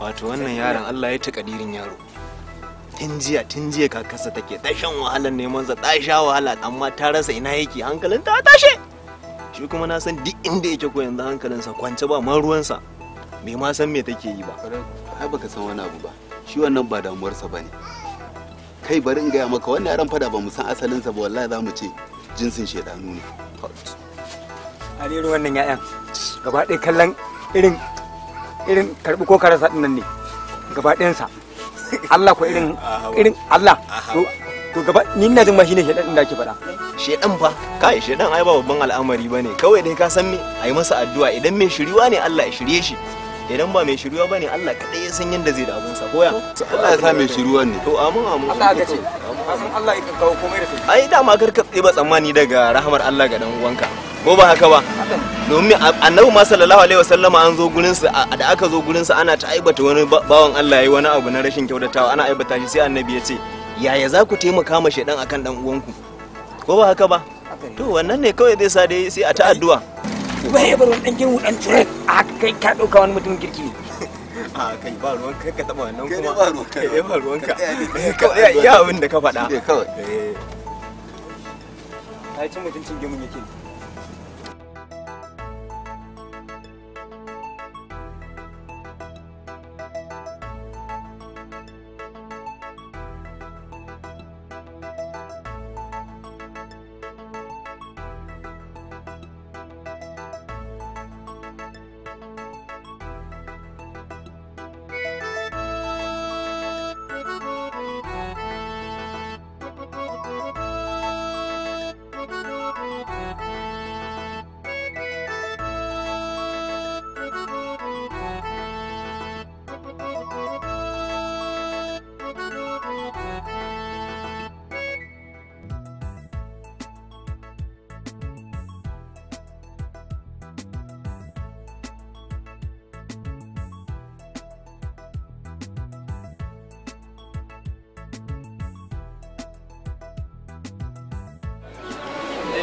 wato wannan yaron Allah ya ta kadirin yaro tun jiya tun jiya kakarsa take ta shan wahalar neman sa ta sha wahala amma ta rasa ina yake hankalin ta tashi shi kuma na san duk inda yake ko yanzu sa kwance ba ma ruwansa bai ma san me take yi ba ai baka san wani abu ba shi wannan ba damuwarsa bane kai bari in gaya maka wannan yaran fada ba mu san asalinsa ba wallahi zamu ce jinsin shedanu ne a nan 'ya'yan gaba ɗaya kallon irin irin karbi ko karasa dinnan ne gaba ɗayansa Allah ko irin irin Allah to gaba ni ina jin ma shine shedan da ake fada shedan fa kai shedan ai ba babban al'amari bane kawai dai ka san me ai masa addu'a idan mai shiriwa ne Allah ya shirye shi idan ba mai shiriwa bane ne Allah kadai ya san yadda zai da ko ya Allah ya sa mai shiruwa ne to amin amin Allah ka ce Allah ya kawo komai da su ai dama karkatse ba tsammani daga rahamar Allah ga dan uwanka ko ba haka ba domin annabi ma sallallahu alaihi wasallama an zo gurin su da aka zo gurin su ana ta aibata wani bawan Allah yayi wani abu na rashin kyautatawa ana aibata shi sai annabi ya ce yaya za ku taimaka ma shaidan akan dan uwanku ko ba haka ba to wannan ne kawai zai sa dai sai a ta addu'a ba ya bar wannan dan gemu dan cure a kai ka dauka wani mutumin kirki a kai ba ruwan kai ka taba wannan kuma ba ruwan kai eh, ba ruwan ka kawai ya abin da ka faɗa kawai eh. ai cin mutuncin gemun yake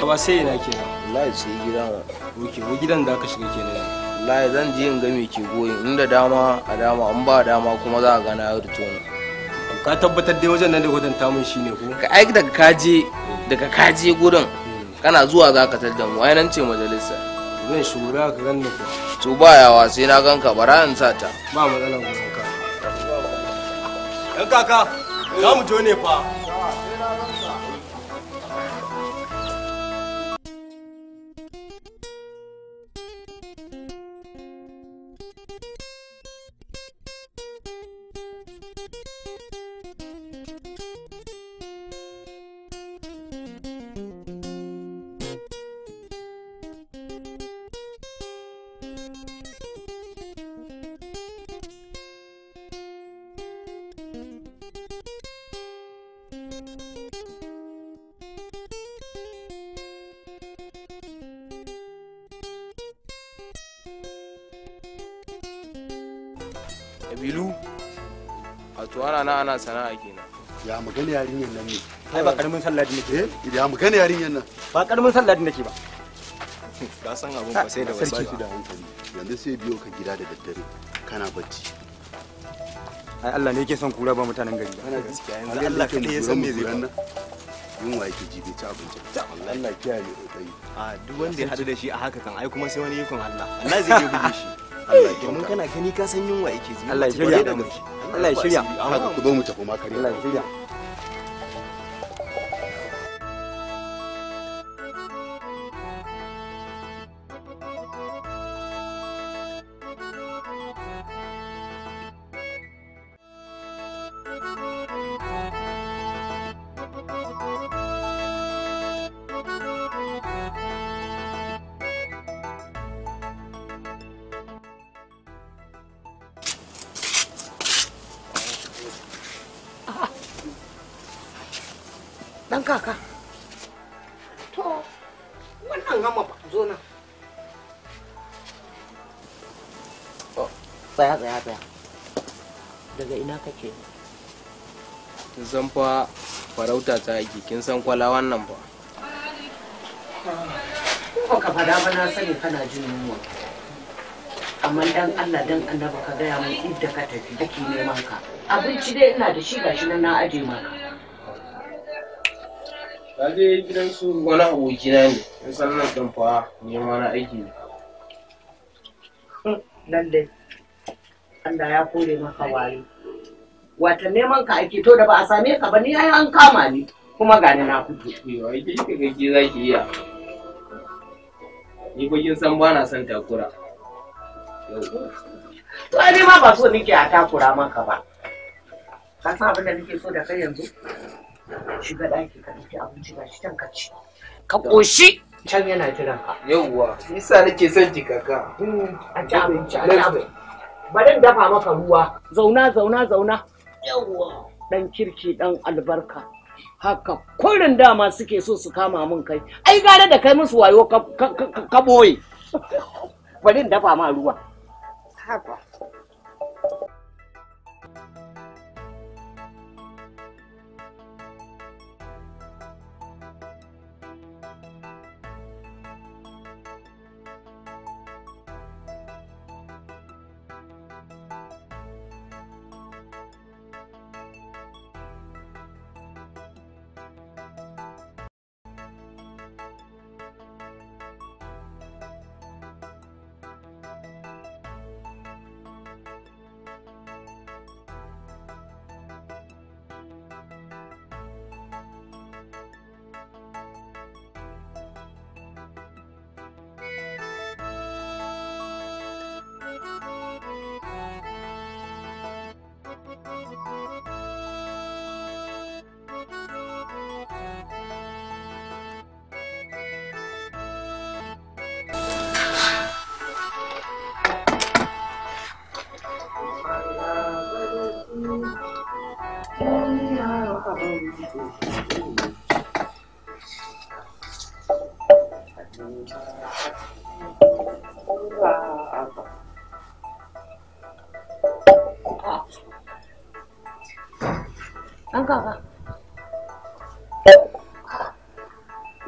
ba sai ina kenan wallahi sai gidan ma oke wa gidan da aka shiga kenan wallahi zan je in ga me ke goyin inda dama a dama an ba dama kuma za a gana ya rito ne ka tabbatar dai wajen nan da kwatanta mun shine ko ka aika daga kaje daga kaje gurin hmm. kana zuwa za ka tada mu ai nan ce majalisa zan shura ka ganna ko to ba yawa sai na ganka bara in ta. ba matsala ko ka dan kaka za mu jone ne fa kabilu a to ana na ana sana'a kenan ya magana yarinyar nan ne ai ba karamin sallah da nake eh ya magana yarinyar nan ba karamin sallah da nake ba ka san abun ba sai da wasu da hankali yanzu sai biyo ka gida da daddare kana bacci ai Allah ne yake son kura ba mutanen gari kana gaskiya yanzu Allah ka ya san me zai wannan yunwa yake ji bai abinci Allah kiyaye a duk wanda ya hadu da shi a haka kan ai kuma sai wani yikon Allah Allah zai yi buge shi domin kana gani ka san yunwa yake ji Allah ya shirya Allah ya shirya haka ku zo mu tafi ma kare Allah ya shirya Dan kaka. To, wannan gama ba zo nan. Tsaya tsaya tsaya. Daga ina kake? zan san fa farauta ta yake, kin san kwala wannan ba. Ko ka fada ba na sani kana jin yunwa. amma dan Allah dan annaba ka gaya mun inda ka tafi ake neman ka abinci dai ina da shi gashi nan na aje maka Ka je gidan su wani abokina ne in san nan ɗin fa neman na aiki ne lallai Allah ya kore maka wayo wata neman ka ake to da ba a same ka ba ni ai an kama ni kuma ga ni na fito yawa ke kika ga ki iya ni ko kin san na son takura to ai ma ba so nake a takura maka ba ka san abin da nake so da kai yanzu shiga ɗaki ka ɗauki abinci shi can ka ci ka ƙoshi yana ka son kaka hmm, a ci a dafa maka ruwa zauna zauna zauna dan kirki dan albarka haka kurin dama suke so su kama min kai ai gare da kai musu wayo ka boye bari dafa ma ruwa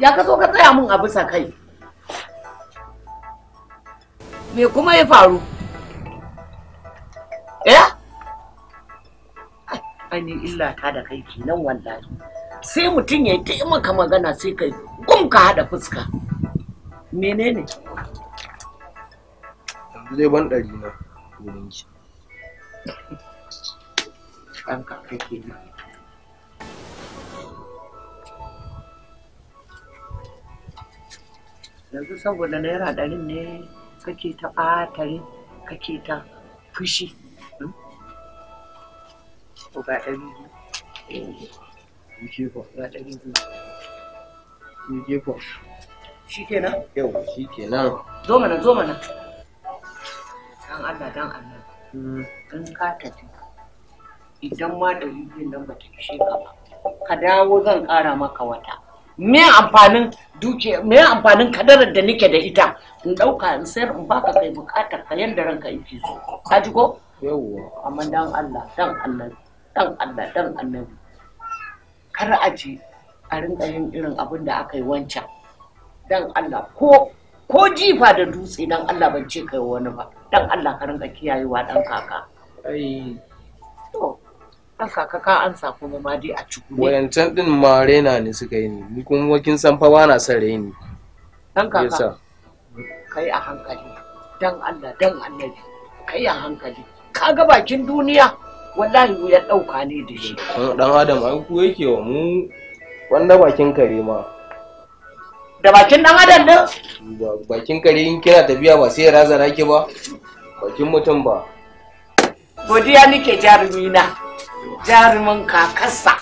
ya ka zo ka tsaya min a bisa kai me kuma ya faru eh ni illa ka da kai kenan wallahi sai mutum ya ta maka magana sai kai gum ka hada fuska menene yanzu ban dari na gurin shi an ka kake ne yanzu saboda naira ɗarin ne kake ta ɓatare kake ta fushi hmm? ko ga ɗari biyu ka tafi ma ɗari nan ba ba ka dawo zan ƙara maka wata me amfanin duke me amfanin kadarar da nake da ita in dauka in sayar in baka kai bukatar ka yanda ranka yake so ka ji ko yawwa amma dan Allah dan Allah dan Allah dan annabi kar a ji a rinka yin irin abin da aka yi wancan dan Allah ko ko jifa da dutse dan Allah ban ce kai wani ba dan Allah ka rinka kiyayewa dan kaka ai an saka ka an sa kuma ma dai a ciku wayancan din ma rena ne suka yi ni ni kuma kin san fa bana son reni dan kaka kai a hankali dan Allah dan annabi kai a hankali ka ga bakin duniya wallahi ya dauka ne da shi dan adam an ku yake wa mu wanda bakin kare ma da bakin dan adam din bakin kare in kina tafiya ba sai ya razana ki ba bakin mutum ba godiya nike jarumi na jarumin kakarsa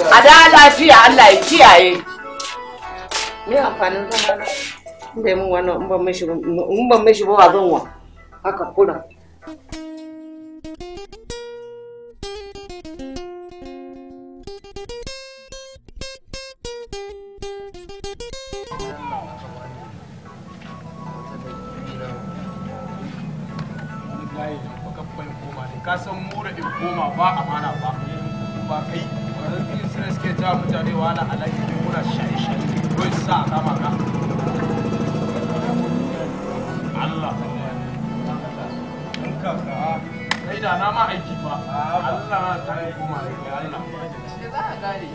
a da lafiya Allah ya kiyaye me amfanin zama in bai mun wani in ban mishi ba zan wa haka kuna ka san mura in koma ba mana ba ba kai ba zai suna suke ta mutane wahala alaƙi ne mura shaye-shaye ko sa a kama ka Allah kai da na ma aiki ba Allah ta yi koma ne ya Allah shi za a gane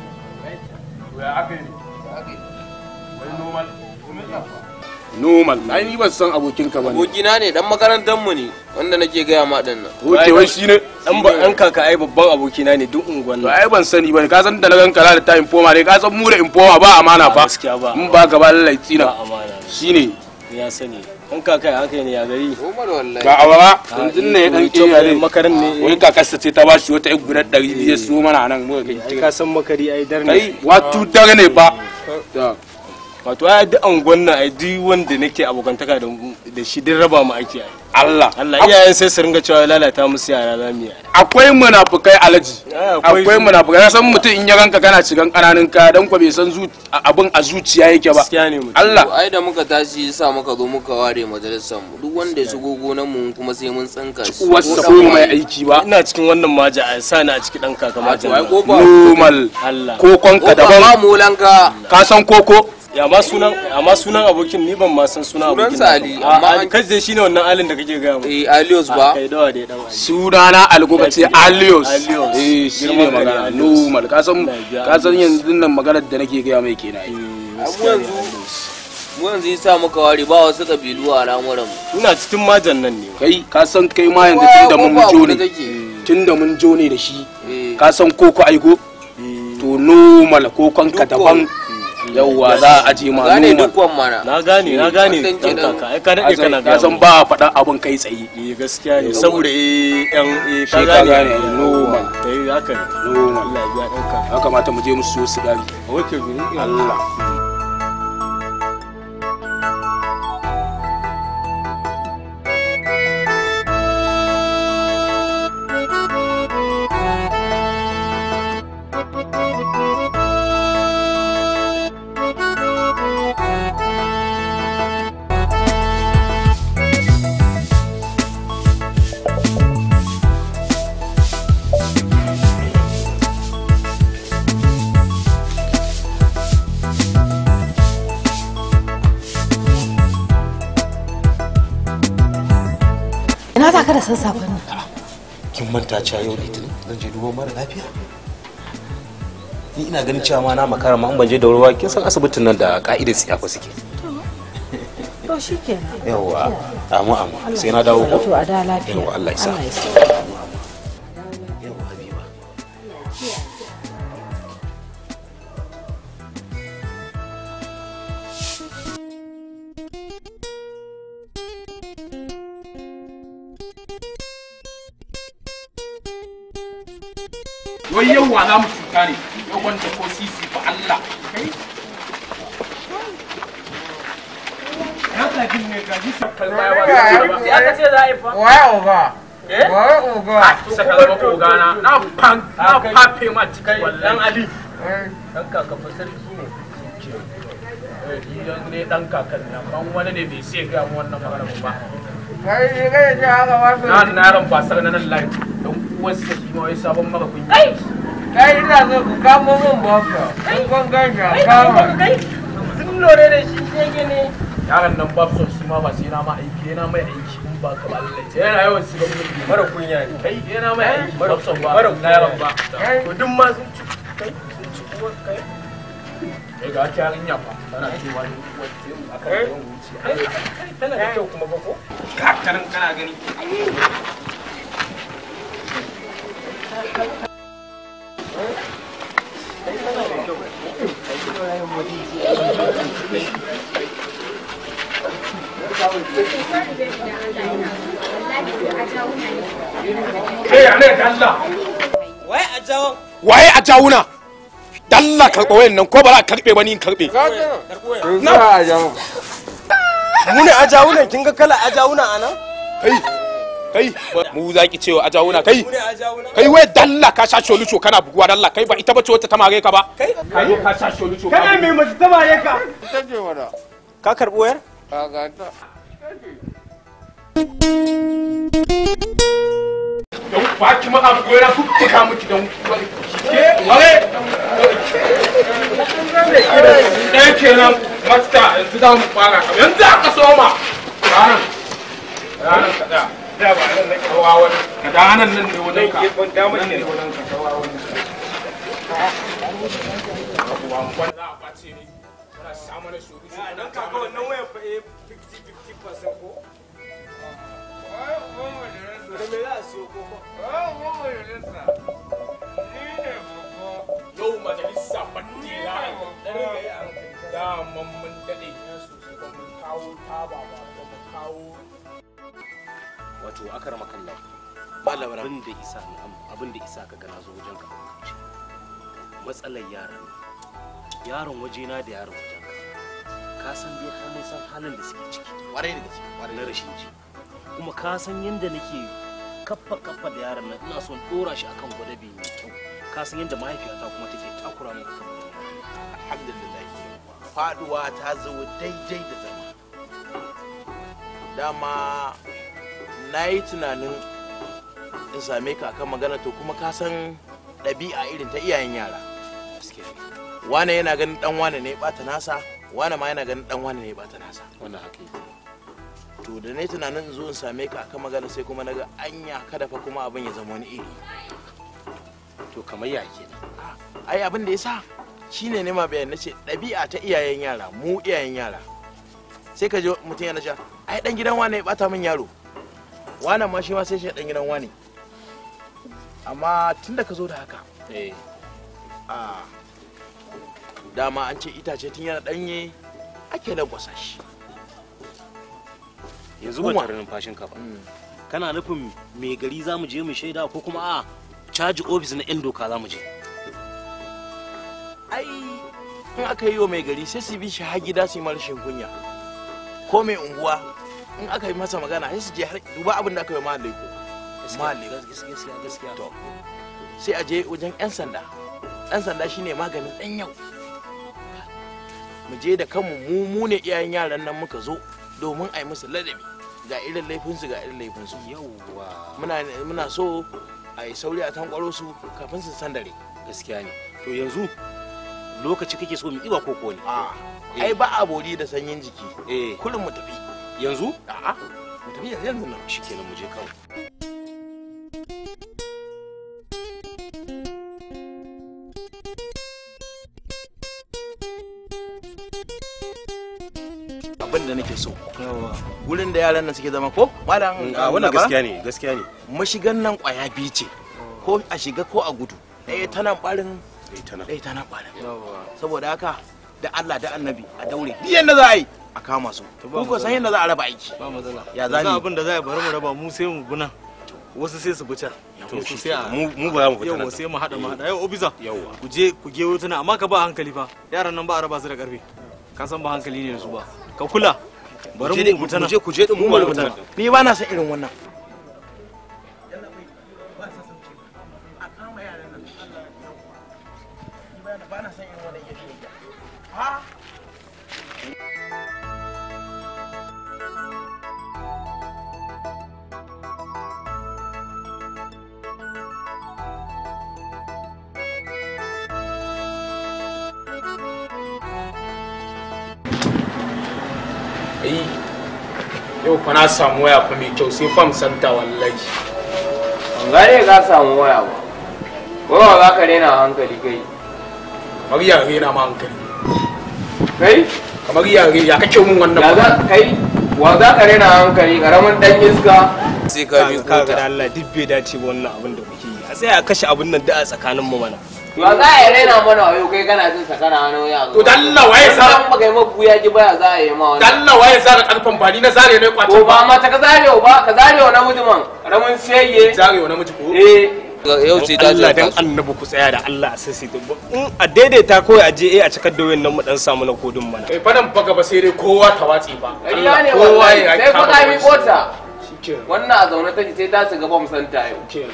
to ya aka yi wai normal normal ai ni ban san abokinka bane abokina ne dan makarantar mu ne wanda nake gaya ma din nan wuce wai shine an ba an kaka ai babban abokina ne duk unguwan to ai ban sani ba ka san da lagan kala da ta informa ne ka san mu da informa ba amana fa ba mun ba gaba lallai tsina shine ya sani an kaka haka ne ya gari ga awara yanzu ne dan ya ne makarin ne wai kakarsa ce ta bashi wata yan guda 200 su so mana nan mu kai ka san makari ai dar ne kai watu dar ne ba wato ai duk angon nan ai duk wanda nake abokantaka da shi din raba mu ake ai Allah Allah iyayen sai su ringa cewa lalata musu yara zamu yi akwai munafukai alaji eh, akwai munafukai san mutum in ya ganka kana cikin kananun ka dan ko bai san abin a zuciya yake ba Allah ai da muka tashi yasa muka zo muka ware majalisar mu duk wanda ya shigo gonan mu kuma sai mun tsanka shi wasu ko mai aiki ba ina cikin wannan maja a sa na cikin dan kaka maja normal kokon ka daban ka san koko ya sunan amma sunan abokin ni ban ma san sunan abokin sunansa ali amma kai dai shine wannan alin da kake ga mu eh alios ba kai dawa dai dan sunana alguba ce alios eh shine magana normal ka san ka san yanzu nan maganar da nake ga mai kenan eh, abu yanzu mu yanzu yasa muka ware ba wasu kabilu a al'amuran ina cikin majan nan ne kai ka san kai ma yanzu tunda mun jo ne mun jo ne da shi eh. ka san koko aiko eh. to normal kokon ka daban yawwa za a ji ma gane dukkan mana na gane na gane ka dade kana ga san ba fada abun kai tsaye eh gaskiya ne saboda eh yan eh ka gane normal dai eh, haka ne normal Allah ya dauka haka mata mu je mu siyo sigari okay Allah san sakon nan kin manta cewa yau litinin zan je duban mara lafiya ni ina ganin cewa ma na makara ma an ban je da ruwa kin san asibitin nan da ka'idar tsiyafa suke to amma amma sai na dawo ko a da Allah ya sa wai yau wa za mu cuta ne yau wanda ko sisi fa Allah Waye oga? Eh? Waye oga? A ah, saka zama oga na na pan na fafe ma cikin wallan Ali. Eh. Dan kaka fa sarki ne. Idan eh, ne dan kakan nan ban wani ne bai sai ga wannan magana ba. Kai ne kai ji haka wasu. Na na ran fasar nan lafi. Dan uwarsa kuma wai sabon kunya kai kai ina so ku kamo min kama sun lore da shi yaran nan ba su ma ba sai na ma aiki yana mai aiki in ba ka yana yawan su gaban mara kunya ne kai mai aiki mara ba to duk ma sun ci kai sun ci kai kai ga ta yarinya fa tana cewa ni wace akan wuce kai tana da kyau kuma ba ko kana gani waye a jawuna dalla karɓa wayan nan ko ba za a karɓe ba ni in karɓe mune a jawunan kin ga kala a jawuna a nan kai mu zaki cewa ajawuna kai kai wai dalla ka sha sholucho kana buguwa dalla kai ba ita bace wata ta mare ka ba kai ka sha sholucho kana mai mace ta mare ka wada ka karbo wayar ka ga ta don ba ki ma abu goyara ku tuka miki don ke wale ɗaya kenan masta yanzu za mu fara yanzu aka soma ranar ranar kaɗa da nan nake hawa nan mun ne wajen a na kawo ta wato akar makalla ba abin da isa ne abin da isa ka gana zo wajen ka matsalar yaran yaron wajena da yaron wajen ka ka san bai har mun san halin da suke ciki kwarai da gaske kwarai na rashin ji kuma ka san yadda nake kaffa kaffa da yaron nan ina son dora shi akan gwadabi mai kyau ka san yadda mahaifiyata kuma take takura mu akan alhamdulillah faduwa ta zo daidai da zama dama na yi tunanin in same ka kan magana to kuma ka san ɗabi'a irin ta iyayen yara wane yana ganin dan wane ne bata nasa wane ma yana ganin dan wane ne bata nasa wannan haka to da ne tunanin in zo in same ka kan magana sai kuma naga anya kada fa kuma abin ya zama wani iri to kamar ya ke ah, ai abin da yasa shine ne ma bayan nace ɗabi'a ta iyayen yara mu iyayen yara sai ka je mutum yana cewa ai dan gidan wane ya bata min yaro wannan ma shi ma sai shi dan gidan wani amma tun da ka zo da haka eh ah dama an ce itace tun yana danye ake lagwasa shi yanzu ba tare numfashin ka ba kana nufin mai gari za mu je mu shaida ko kuma a caji ofis na yan doka za mu je ai in aka yi wa mai gari sai su bi shi har gida su yi marshin kunya ko mai unguwa in aka yi masa magana sai su je har duba abin da aka yi mahalle ko mahalle gaskiya gaskiya to sai a je wajen yan sanda yan sanda shine maganin dan yau mu je da kanmu mu mu ne iyayen yaran nan muka zo domin a yi musu ladabi ga irin laifinsu ga irin laifinsu yauwa muna muna so a yi sauri a tankwaro su kafin su san dare gaskiya ne to yanzu lokaci kake so mu iwa koko ne ai ba a bori da sanyin jiki eh. kullum mu tafi yanzu a'a mu tafi yanzu nan kenan mu je kawai abin da nake so wurin da yaran nan suke zama ko malam mm, wannan gaskiya ne gaskiya ne mashigan nan kwaya biyu ce ko a shiga ko a gudu ɗaya ta nan ɓarin ɗaya ta nan ɓarin saboda haka da Allah da annabi a daure biyan da za a yi a kama su ku ko san yadda za a raba aiki ba matsala ya zani abin da za a bari mu raba mu sai mu buna wasu sai su buca to su sai mu ba mu fita yau sai mu hada mu hada yau obiza ku je ku gewo tana amma ka ba hankali fa yaran nan ba a raba su da karfi ka san ba hankali ne su ba ka kula bari mu mutana mu je ku je din mu mutana ni ba na san irin wannan yau fa na samu waya fa mai kyau sai fam santa wallahi ne ka samu waya ba kowa za ka rena hankali kai kamar ya rena ma hankali kai kamar ya ya kake mun wannan ba kai wa za ka rena hankali karamin dan iska sai ka bi kota Allah duk bai dace wannan abin da kuke yi a sai a kashe abin nan da a tsakanin mu mana to za a yi raina mana wayo kai kana jin sakana wani wuya to dalla waye sa dan baka yi mabu ya ji baya za a yi ma wani dalla waye sa da karfan ba ni na zare ne kwace ba ma ta ka zare ba ka zare wa namiji man ramin siyayye zare wa namiji ko eh yau ce ta Allah dan annabi ku tsaya da Allah sai sai in a daidaita kawai a je eh a cikar da wayan mu dan samu na kodin mana eh fadan baka ba sai dai kowa ta watsi ba Allah ne kowa sai ku da mi kota wannan a zaune take sai ta shiga bom santa yau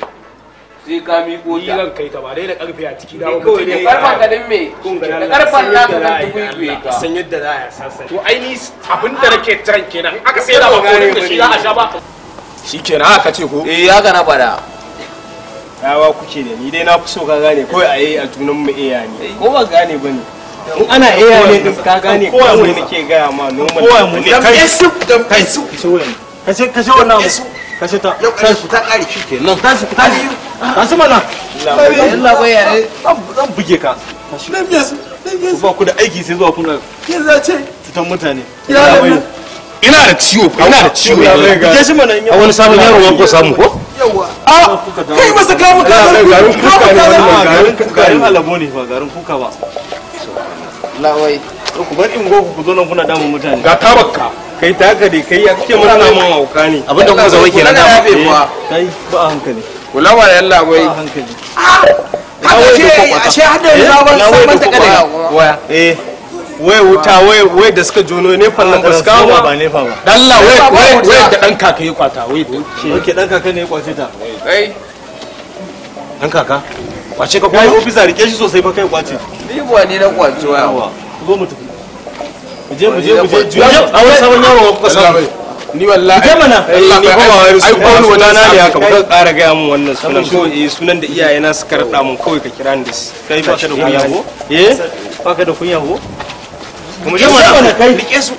sai ka ko ta yiran kai ta ba dai da karfe a ciki da kawai da karfan ka din me da karfan na ka kan tukuikuye ka san yadda za a sassa to ai ni abin da nake tran kenan aka sai da ba ne da shi za a sha ba shikenan aka ce ko eh haka na fada rawa kuke da ni dai na fi so ka gane kawai a yi a tunan mu iya ne ko ba gane ba ne in ana iya ne din ka gane kawai nake gaya ma normal kawai mu ne kai su kai su ka ce ka ce wannan kashe ta yau kashe ku ta kare shi kenan tashi ku tashi tashi mana zan buge ka tashi ba ku da aiki sai zuwa kuna ke za ce fitan mutane ya ina da ciwo ina da ciwo ke shi mana a wani sabon yaro ya samu ko a kai masa kamun kazar garin kuka ne garin kuka ne alabo ne ba garin kuka ba lawai ku bar in goku ku zo nan kuna damun mutane ga tabakka kai taka dai kai ya kake mun namun hauka ne abinda kuma zama kenan da ba kai ba a hankali kula wa yalla wai ba hankali haka ce hada zaman saman ta kada waya eh wai wuta wai wai da suka jono ne fannin ba su kawo ba ne fa ba dalla wai wai wai da dan kaka ya kwata wai ke dan kaka ne ya kwace ta kai dan kaka kwace ka kuma ofisa rike shi sosai fa kai kwace ni ba ni na kwace wa zo mu tafi mu je mu je mu je a wani sabon ni wallahi je mana ko eh, ba wani ai ko wani ne haka ga wannan sunan eh sunan da iyayena suka rada mun kawai ka kira ni da kai ba ka da kunya ko eh ba ka da kunya ko mu je mana kai su